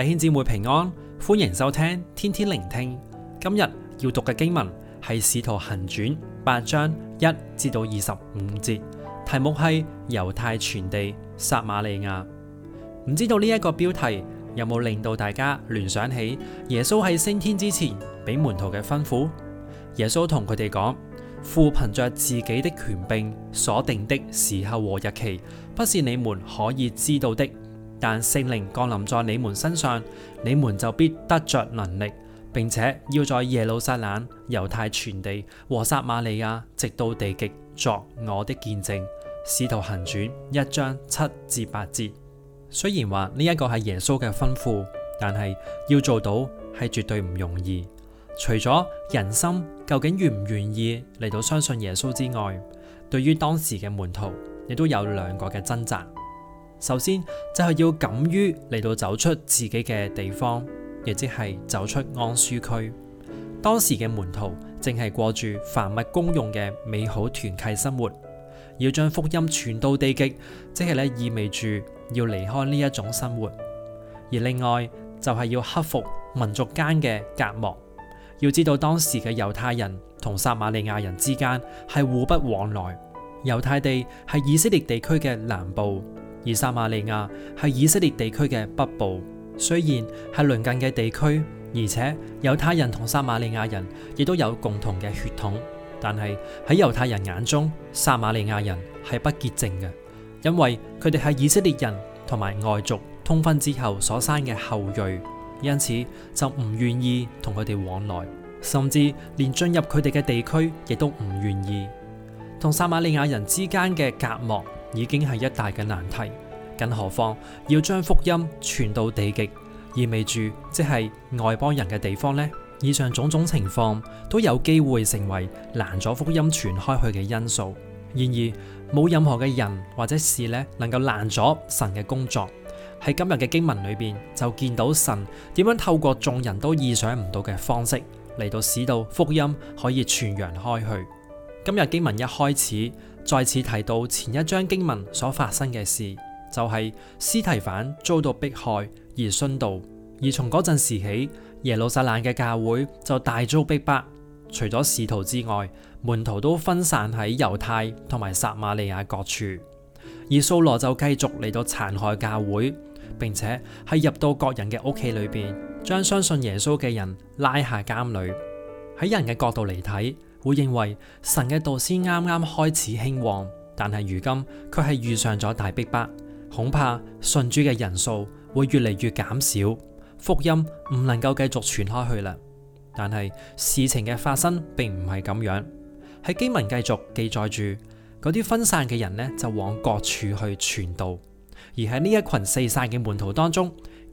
弟兄姊妹平安，歡迎收聽天天靈聽。今日要讀嘅經文係《使徒行傳》八章一至到二十五節，題目係猶太全地撒瑪利亞。唔知道呢一個標題有冇令到大家聯想起耶穌喺升天之前俾門徒嘅吩咐？耶穌同佢哋講：父憑 着自己的權柄，所定的時候和日期，不是你們可以知道的。但聖靈降臨在你們身上，你們就必得着能力，並且要在耶路撒冷、猶太全地和撒瑪利亞，直到地極，作我的見證。使徒行傳一章七至八節。雖然話呢一個係耶穌嘅吩咐，但係要做到係絕對唔容易。除咗人心究竟願唔願意嚟到相信耶穌之外，對於當時嘅門徒，亦都有兩個嘅掙扎。首先就係要敢於嚟到走出自己嘅地方，亦即係走出安舒區。當時嘅門徒正係過住凡物公用嘅美好團契生活。要將福音傳到地極，即係咧意味住要離開呢一種生活。而另外就係要克服民族間嘅隔膜。要知道當時嘅猶太人同撒瑪利亞人之間係互不往來。猶太地係以色列地區嘅南部。而撒瑪利亞係以色列地區嘅北部，雖然係鄰近嘅地區，而且猶太人同撒瑪利亞人亦都有共同嘅血統，但係喺猶太人眼中，撒瑪利亞人係不潔淨嘅，因為佢哋係以色列人同埋外族通婚之後所生嘅後裔，因此就唔願意同佢哋往來，甚至連進入佢哋嘅地區亦都唔願意。同撒瑪利亞人之間嘅隔膜，已經係一大嘅難題，更何況要將福音傳到地極，意味住即係外邦人嘅地方呢？以上種種情況都有機會成為攔阻福音傳開去嘅因素。然而冇任何嘅人或者事呢能夠攔阻神嘅工作。喺今日嘅經文裏邊就見到神點樣透過眾人都意想唔到嘅方式嚟到使到福音可以傳揚開去。今日經文一開始。再次提到前一章經文所發生嘅事，就係、是、司提反遭到迫害而殉道，而從嗰陣時起，耶路撒冷嘅教會就大遭逼迫，除咗使徒之外，門徒都分散喺猶太同埋撒瑪利亞各處，而掃羅就繼續嚟到殘害教會，並且係入到各人嘅屋企裏邊，將相信耶穌嘅人拉下監裏。喺人嘅角度嚟睇，會認為神嘅道先啱啱開始興旺，但係如今佢係遇上咗大逼迫，恐怕信主嘅人數會越嚟越減少，福音唔能夠繼續傳開去啦。但係事情嘅發生並唔係咁樣，喺經文繼續記載住，嗰啲分散嘅人呢就往各處去傳道，而喺呢一群四散嘅門徒當中，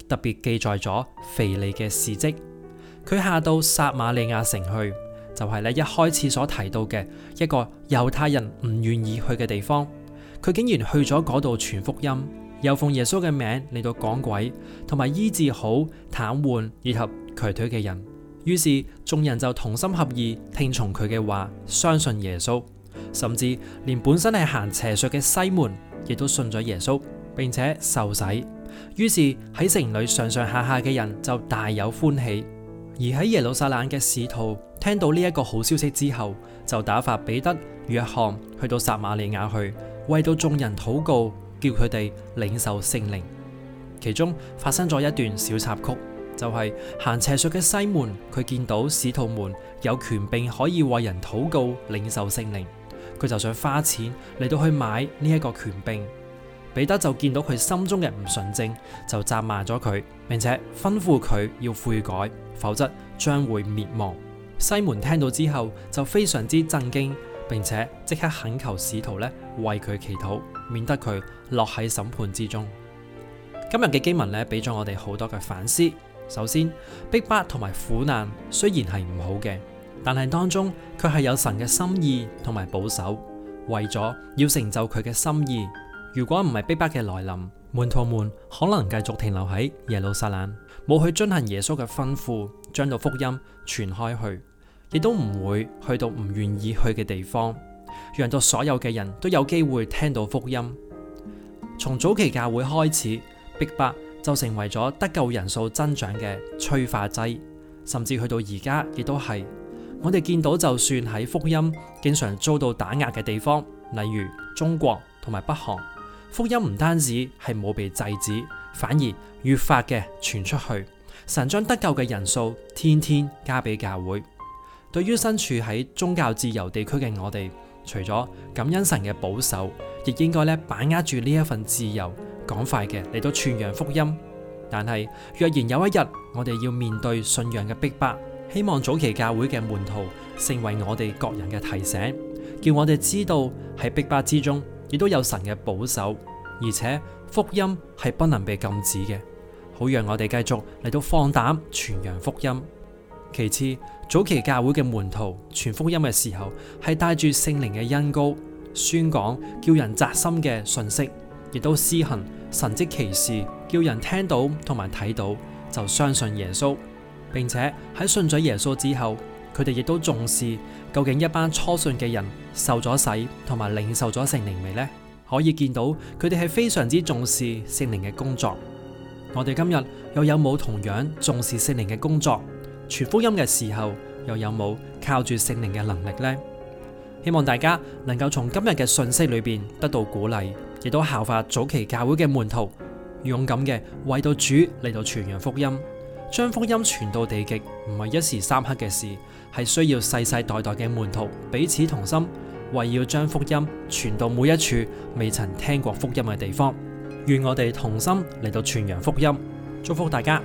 特別記載咗腓利嘅事跡，佢下到撒瑪利亞城去。就係咧一開始所提到嘅，一個猶太人唔願意去嘅地方，佢竟然去咗嗰度傳福音，又奉耶穌嘅名嚟到趕鬼，同埋醫治好癱瘓以及瘸腿嘅人。於是眾人就同心合意聽從佢嘅話，相信耶穌，甚至連本身係行邪術嘅西門亦都信咗耶穌，並且受洗。於是喺城裏上上下下嘅人就大有歡喜。而喺耶路撒冷嘅使徒聽到呢一個好消息之後，就打發彼得、約翰去到撒馬利亞去為到眾人禱告，叫佢哋領受聖靈。其中發生咗一段小插曲，就係、是、行邪術嘅西門，佢見到使徒們有權柄可以為人禱告領受聖靈，佢就想花錢嚟到去買呢一個權柄。彼得就見到佢心中嘅唔純正，就責罵咗佢，並且吩咐佢要悔改，否則將會滅亡。西門聽到之後就非常之震驚，並且即刻懇求使徒咧為佢祈禱，免得佢落喺審判之中。今日嘅經文咧，俾咗我哋好多嘅反思。首先，逼迫同埋苦難雖然係唔好嘅，但係當中卻係有神嘅心意同埋保守，為咗要成就佢嘅心意。如果唔係逼迫嘅來臨，門徒們可能繼續停留喺耶路撒冷，冇去遵行耶穌嘅吩咐，將到福音傳開去，亦都唔會去到唔願意去嘅地方，讓到所有嘅人都有機會聽到福音。從早期教會開始，逼迫就成為咗得救人數增長嘅催化劑，甚至去到而家亦都係。我哋見到，就算喺福音經常遭到打壓嘅地方，例如中國同埋北韓。福音唔單止係冇被制止，反而越發嘅傳出去。神將得救嘅人數天天加俾教會。對於身處喺宗教自由地區嘅我哋，除咗感恩神嘅保守，亦應該咧，把握住呢一份自由，趕快嘅嚟到傳揚福音。但係若然有一日我哋要面對信仰嘅逼迫，希望早期教會嘅門徒成為我哋各人嘅提醒，叫我哋知道喺逼迫之中。亦都有神嘅保守，而且福音係不能被禁止嘅，好讓我哋繼續嚟到放膽傳揚福音。其次，早期教會嘅門徒傳福音嘅時候，係帶住聖靈嘅恩膏，宣講叫人紮心嘅訊息，亦都施行神蹟奇事，叫人聽到同埋睇到就相信耶穌，並且喺信咗耶穌之後。佢哋亦都重視究竟，一班初信嘅人受咗洗同埋領受咗聖靈未呢？可以見到佢哋係非常之重視聖靈嘅工作。我哋今日又有冇同樣重視聖靈嘅工作？傳福音嘅時候又有冇靠住聖靈嘅能力呢？希望大家能夠從今日嘅信息裏邊得到鼓勵，亦都效法早期教會嘅門徒，勇敢嘅為到主嚟到傳揚福音。將福音傳到地極，唔係一時三刻嘅事，係需要世世代代嘅門徒彼此同心，為要將福音傳到每一處未曾聽過福音嘅地方。願我哋同心嚟到傳揚福音，祝福大家。